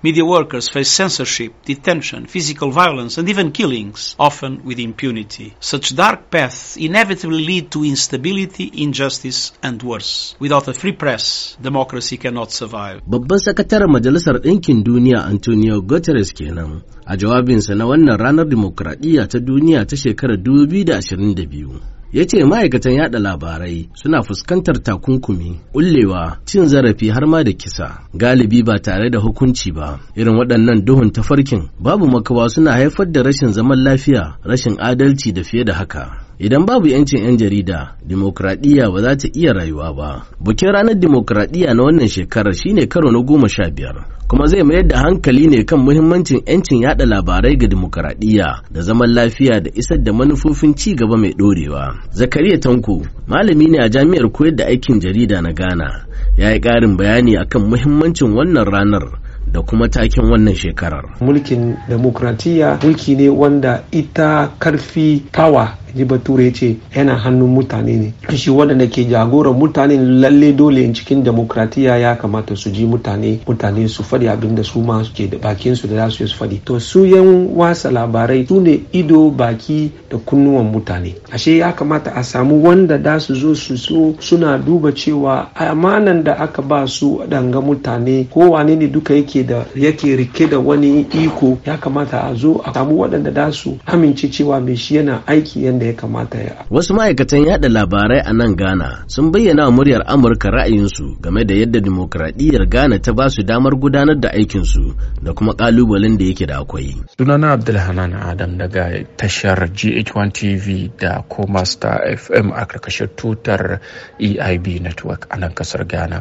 Media workers face censorship, detention, physical violence, and even killings, often with impunity. Such dark paths inevitably lead to instability, injustice, and worse. Without a free press, democracy cannot survive. Babban sakataren Majalisar Ɗinkin Duniya Antonio Guterres kenan a jawabinsa na wannan ranar dimokuraɗiyya ta duniya ta shekarar 2022. ya ce ma'aikatan yada labarai suna fuskantar takunkumi ullewa cin zarafi har ma da kisa galibi ba tare da hukunci ba irin waɗannan duhun tafarkin babu makawa suna haifar da rashin zaman lafiya rashin adalci da fiye da haka Idan babu 'yancin 'yan jarida, dimokuraɗiyya ba za ta iya rayuwa ba. Bukin ranar dimokuraɗiyya na wannan shekarar shine karo na goma sha biyar, kuma zai mayar da hankali ne kan muhimmancin 'yancin yada labarai ga dimokuraɗiyya da zaman lafiya da isar da manufofin ci gaba mai ɗorewa. Zakariya Tanko, malami ne a jami'ar koyar da aikin jarida na Ghana, ya yi ƙarin bayani akan muhimmancin wannan ranar. da kuma taken wannan shekarar. Mulkin demokratiya mulki ne wanda ita karfi power ji ture ce yana hannun mutane ne shi waɗanda ke jagoran mutane lalle dole cikin demokratiya ya kamata su ji mutane mutane su faɗi abin da su ma ke da bakin su da za su su faɗi to su yan wasa labarai su ne ido baki da kunnuwan mutane ashe ya kamata a samu wanda da su zo su so suna duba cewa amanan da aka ba su danga mutane ko wane ne duka yake da yake rike da wani iko ya kamata a zo a samu waɗanda da su amince cewa mai shi yana aiki yanda ya kamata ya wasu ma'aikatan yada labarai a nan ghana sun bayyana wa muryar amurka ra'ayinsu game da yadda dimokuraɗiyyar ghana ta ba su damar gudanar da aikinsu da kuma ƙalubalen da yake da akwai sunana abdulhanan adam daga tashar gh1 tv da kuma star fm a karkashin tutar eib network a nan kasar ghana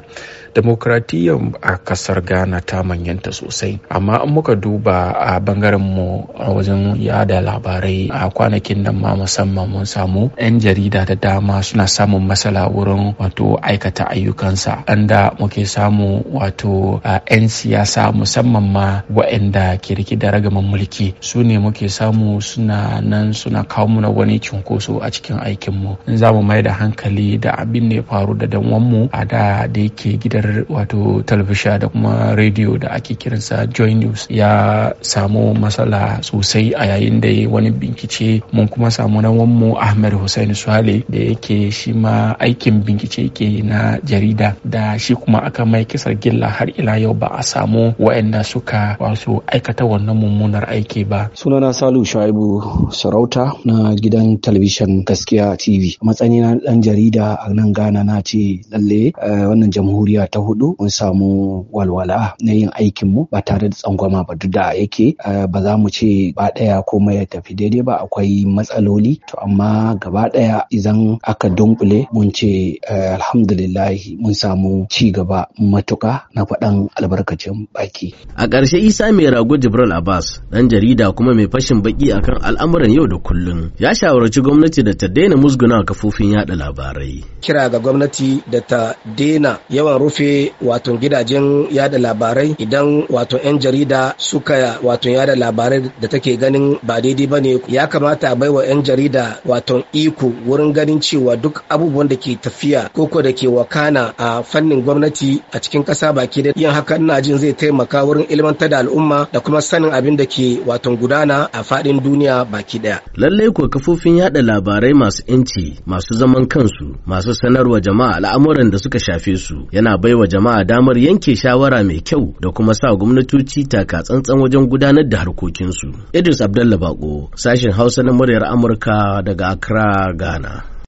dimokuraɗiyyar a kasar ghana ta manyanta sosai amma in muka duba a bangaren mu a wajen yada labarai a kwanakin nan ma musamman musamman mun samu 'yan jarida da dama suna samun matsala wurin wato aikata ayyukansa inda muke samu wato 'yan siyasa musamman ma wa'anda ke rike da ragaman mulki su ne muke samu suna nan suna kawo muna wani cunkoso a cikin aikinmu in za mu mai da hankali da abin da ya faru da danwanmu a da da yake gidan wato talbisha da kuma rediyo da ake kiransa joy news ya samu matsala sosai a yayin da wani bincike mun kuma samu na dan mu ahmed hussein suhale da yake shi ma aikin bincike yake na jarida da shi kuma aka mai kisar gilla har ila yau ba a samu waɗanda suka wasu aikata wannan mummunar aiki ba sunana salu shaibu sarauta na gidan talabishin gaskiya tv matsayin na dan jarida a nan ghana na ce lalle eh, wannan jamhuriya ta hudu mun samu walwala na yin aikin mu ba tare da tsangwama ba duk da yake eh, ba za mu ce ba ɗaya ko ya tafi daidai ba akwai matsaloli to amma gaba ɗaya idan aka dunkule mun ce eh, alhamdulillahi mun samu ci gaba matuka na faɗan albarkacin baki a ƙarshe isa mai rago jibril abbas ɗan jarida kuma mai fashin baki akan al'amuran yau da kullum ya shawarci gwamnati da ta daina musguna kafofin yada labarai kira ga gwamnati da ta daina yawan rufe wato gidajen yada labarai idan wato 'yan jarida suka wato yada labarai da take ganin ba daidai ba ne ya kamata a baiwa 'yan jarida da waton iko wurin ganin cewa duk abubuwan da ke tafiya koko da ke wakana a fannin gwamnati a cikin ƙasa baki da yin haka ina jin zai taimaka wurin ilmantar da al'umma da kuma sanin abin da ke waton gudana a fadin duniya baki ɗaya. Lalle ko kafofin yada labarai masu inci masu zaman kansu masu sanarwa jama'a al'amuran da suka shafe su yana baiwa jama'a damar yanke shawara mai kyau da kuma sa gwamnatoci taka tsantsan wajen gudanar da harkokinsu. Idris Abdallah Bako sashen Hausa na muryar Amurka daga Accra, Ghana.